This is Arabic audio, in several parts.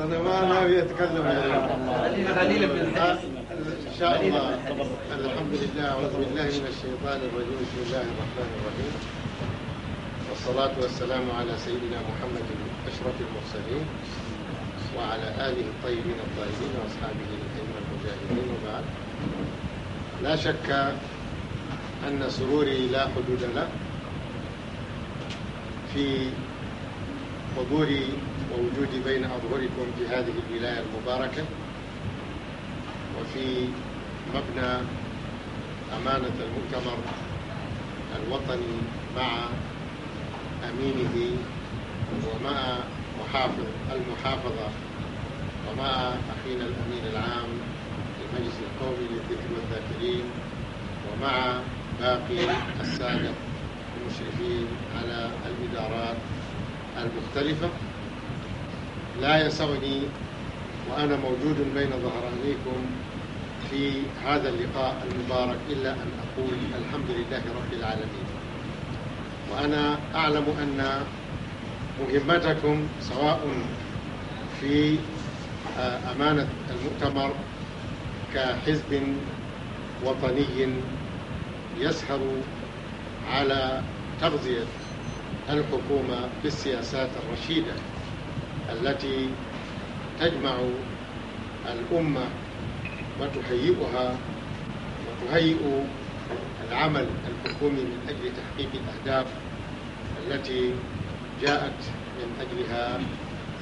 أنا ما ناوي أتكلم قليلا من الحديث آه، إن شاء الله الحمد لله أعوذ بالله من الشيطان الرجيم بسم الله الرحمن الرحيم والصلاة والسلام على سيدنا محمد أشرف المرسلين وعلى آله الطيبين الطاهرين وأصحابه الأئمة المجاهدين وبعد لا شك أن سروري لا حدود له في حضور ووجودي بين أظهركم في هذه الولاية المباركة وفي مبنى أمانة المؤتمر الوطني مع أمينه ومع محافظ المحافظة ومع أخينا الأمين العام للمجلس القومي للذكر والذاكرين ومع باقي السادة المشرفين على الإدارات المختلفة لا يسعني وأنا موجود بين ظهرانيكم في هذا اللقاء المبارك إلا أن أقول الحمد لله رب العالمين وأنا أعلم أن مهمتكم سواء في آه، أمانة المؤتمر كحزب وطني يسهر على تغذية الحكومة بالسياسات الرشيدة التي تجمع الأمة وتهيئها وتهيئ العمل الحكومي من أجل تحقيق الأهداف التي جاءت من أجلها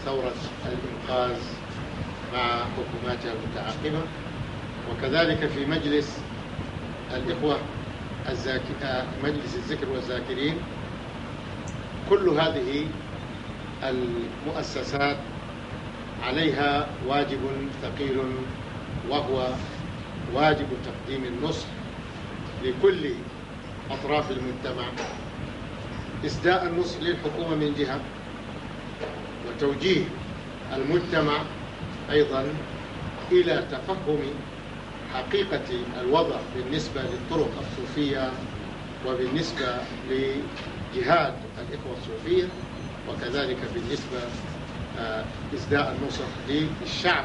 ثورة الإنقاذ مع حكوماتها المتعاقبة وكذلك في مجلس الإخوة الزاك... آه، مجلس الذكر والذاكرين كل هذه المؤسسات عليها واجب ثقيل وهو واجب تقديم النصح لكل أطراف المجتمع إسداء النصح للحكومة من جهة وتوجيه المجتمع أيضا إلى تفهم حقيقة الوضع بالنسبة للطرق الصوفية وبالنسبة لجهاد الإخوة الصوفية وكذلك بالنسبة إسداء آه، النصح للشعب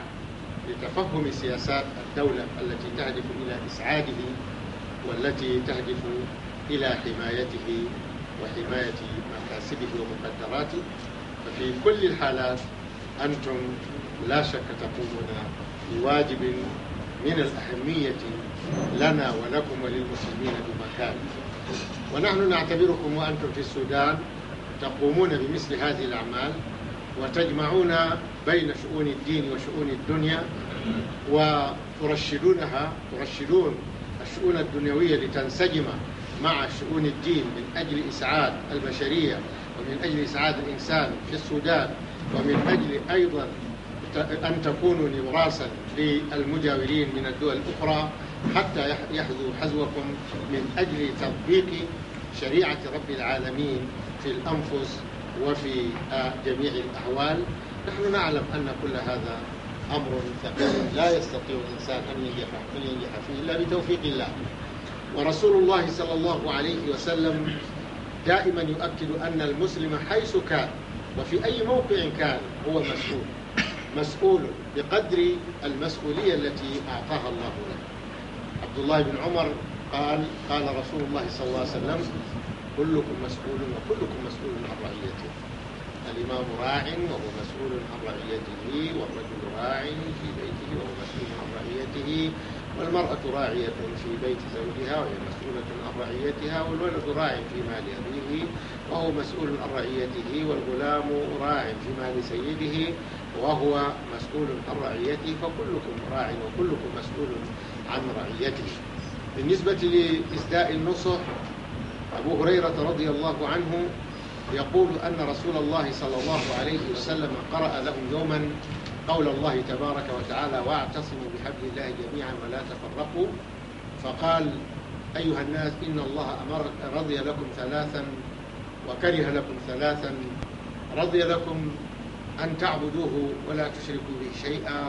لتفهم سياسات الدولة التي تهدف إلى إسعاده والتي تهدف إلى حمايته وحماية مكاسبه ومقدراته ففي كل الحالات أنتم لا شك تقومون بواجب من الأهمية لنا ولكم وللمسلمين بمكان ونحن نعتبركم وأنتم في السودان تقومون بمثل هذه الأعمال وتجمعون بين شؤون الدين وشؤون الدنيا وترشدونها ترشدون الشؤون الدنيوية لتنسجم مع شؤون الدين من أجل إسعاد البشرية ومن أجل إسعاد الإنسان في السودان ومن أجل أيضا أن تكونوا نبراسا للمجاورين من الدول الأخرى حتى يحذو حذوكم من أجل تطبيق شريعة رب العالمين في الأنفس وفي آه، جميع الأحوال نحن نعلم أن كل هذا أمر ثقيل لا يستطيع الإنسان أن ينجح ينجح فيه إلا بتوفيق الله ورسول الله صلى الله عليه وسلم دائما يؤكد أن المسلم حيث كان وفي أي موقع كان هو مسؤول مسؤول بقدر المسؤولية التي أعطاها الله له عبد الله بن عمر قال قال رسول الله صلى الله عليه وسلم كلكم مسؤول وكلكم مسؤول عن رعيته الإمام راع وهو مسؤول عن رعيته والرجل راع في بيته وهو مسؤول عن رعيته والمرأة راعية في بيت زوجها وهي مسؤولة عن رعيتها والولد راع في مال أبيه وهو مسؤول عن رعيته والغلام راع في مال سيده وهو مسؤول عن رعيته فكلكم راع وكلكم مسؤول عن رعيته بالنسبة لإسداء النصح أبو هريرة رضي الله عنه يقول أن رسول الله صلى الله عليه وسلم قرأ لهم يوما قول الله تبارك وتعالى واعتصموا بحبل الله جميعا ولا تفرقوا فقال أيها الناس إن الله أمر رضي لكم ثلاثا وكره لكم ثلاثا رضي لكم أن تعبدوه ولا تشركوا به شيئا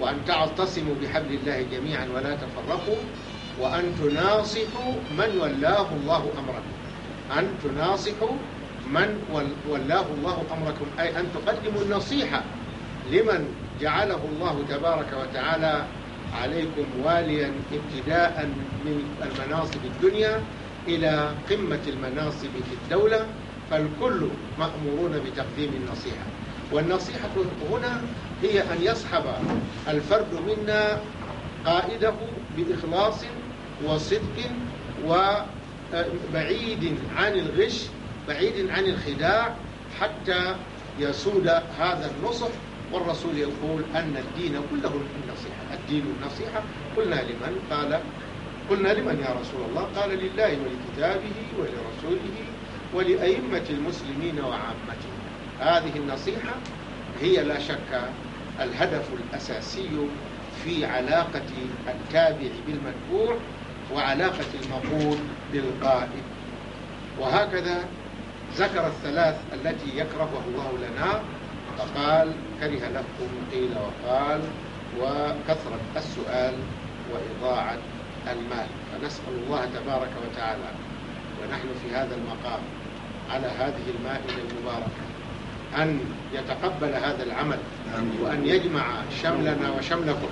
وأن تعتصموا بحبل الله جميعا ولا تفرقوا وأن تناصحوا من ولاه الله أمركم أن تناصحوا من ولاه الله أمركم أي أن تقدموا النصيحة لمن جعله الله تبارك وتعالى عليكم واليا ابتداء من المناصب الدنيا إلى قمة المناصب في الدولة فالكل مأمورون بتقديم النصيحة والنصيحة هنا هي أن يصحب الفرد منا قائده بإخلاص وصدق وبعيد آه، عن الغش بعيد عن الخداع حتى يسود هذا النصح والرسول يقول أن الدين كله النصيحة الدين النصيحة قلنا لمن قال قلنا لمن يا رسول الله قال لله ولكتابه ولرسوله ولأئمة المسلمين وعامتهم هذه النصيحة هي لا شك الهدف الأساسي في علاقة التابع بالمتبوع وعلاقة المقول بالقائل وهكذا ذكر الثلاث التي يكرهه الله لنا فقال كره لكم قيل وقال وكثرة السؤال وإضاعة المال فنسأل الله تبارك وتعالى ونحن في هذا المقام على هذه المائدة المباركة أن يتقبل هذا العمل وأن يجمع شملنا وشملكم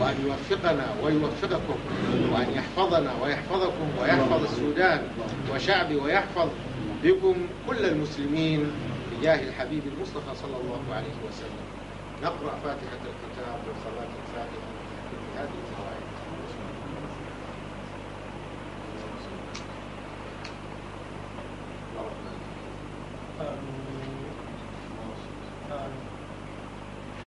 وأن يوفقنا ويوفقكم وأن يحفظنا ويحفظكم ويحفظ السودان وشعبي ويحفظ بكم كل المسلمين بجاه الحبيب المصطفى صلى الله عليه وسلم نقرأ فاتحة الكتاب والصلاة الفاتحة